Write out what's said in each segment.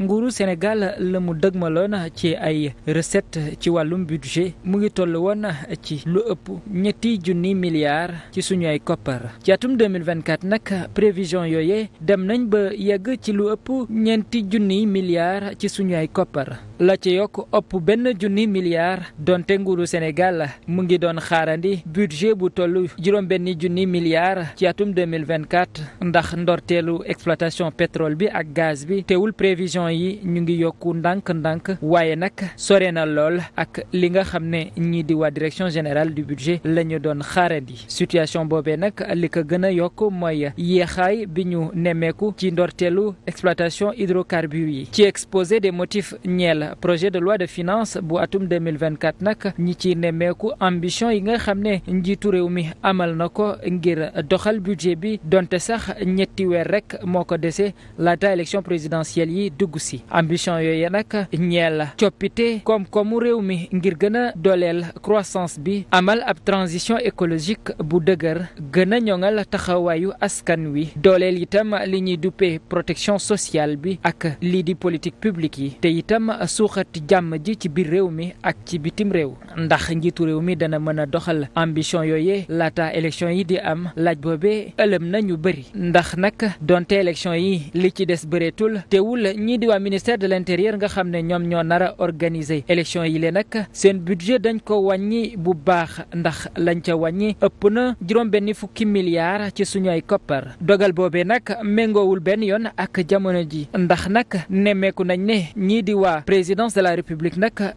nguuru Sénégal la mu dëgmaloon ci ay recette ci wàllum budget mu ngi toll woon ci lu ëpp ñetti junni milliards ci suñu ay koppar ci atum 2024 nag prévision yooye dem nañ ba yegg ci lu ëpp ñeenti junni milliards ci suñu ay koppar la ci yokk ëpp benn junni milliard donte nguuru Sénégal mu ngi doon xaarandi budget bu toll juróom benni junni milliard ci atum 2024 ndax ndorteelu exploitation pétrole bi ak gaz bi teewul prévision yi ñu ngi yokk ndànk-ndànk waaye nag sore na lool ak li nga xam ne ñii di waa direction générale du budget la ñu doon xaarandi situation boobee nag li ko gën a yokk mooy yéexaay bi ñu nemmeeku ci ndorteelu exploitation hydrocarbures yi ci exposé des motifs ñeel projet de loi de finance bu atum 2024 nag ñi ci nemmeeku ambition yi nga xam ne njiitu réew mi amal na ko ngir doxal budget bi donte sax ñetti weer rek moo ko desee laata élection présidentielle yi dugg si ambition yooyu nag ñeel coppite koom-koomu réew mi ngir gën a dooleel croissance bi amal ab transition écologique bu dëgër gën a ñoŋal taxawaayu askan wi dooleel itam li ñuy duppee protection sociale bi ak lii di politique publique yi te itam suuxati jàmm ji ci biir réew mi ak ci bitim réew ndax njiitu réew mi dana mën a doxal ambition yooyee laata élection yi di am laaj boobee ëlëm na ñu bari ndax nag donte élection yi li ci des bëreetul teewul ñii di waa ministère de l' intérieur nga xam ne ñoom ñoo nar a organiser élection yi leen nag seen budget dañ ko wàññi bu baax ndax lañ ca wàññi ëpp na juróom benni fukki milliards ci suñu ay koppar dogal boobe nag méngoowul benn yoon ak jamono ji ndax nag nemmeeku nañ ne ñii di waa présidence nag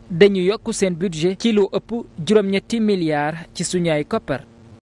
lu ëpp juróom-ñetti ci suñu ay koppar.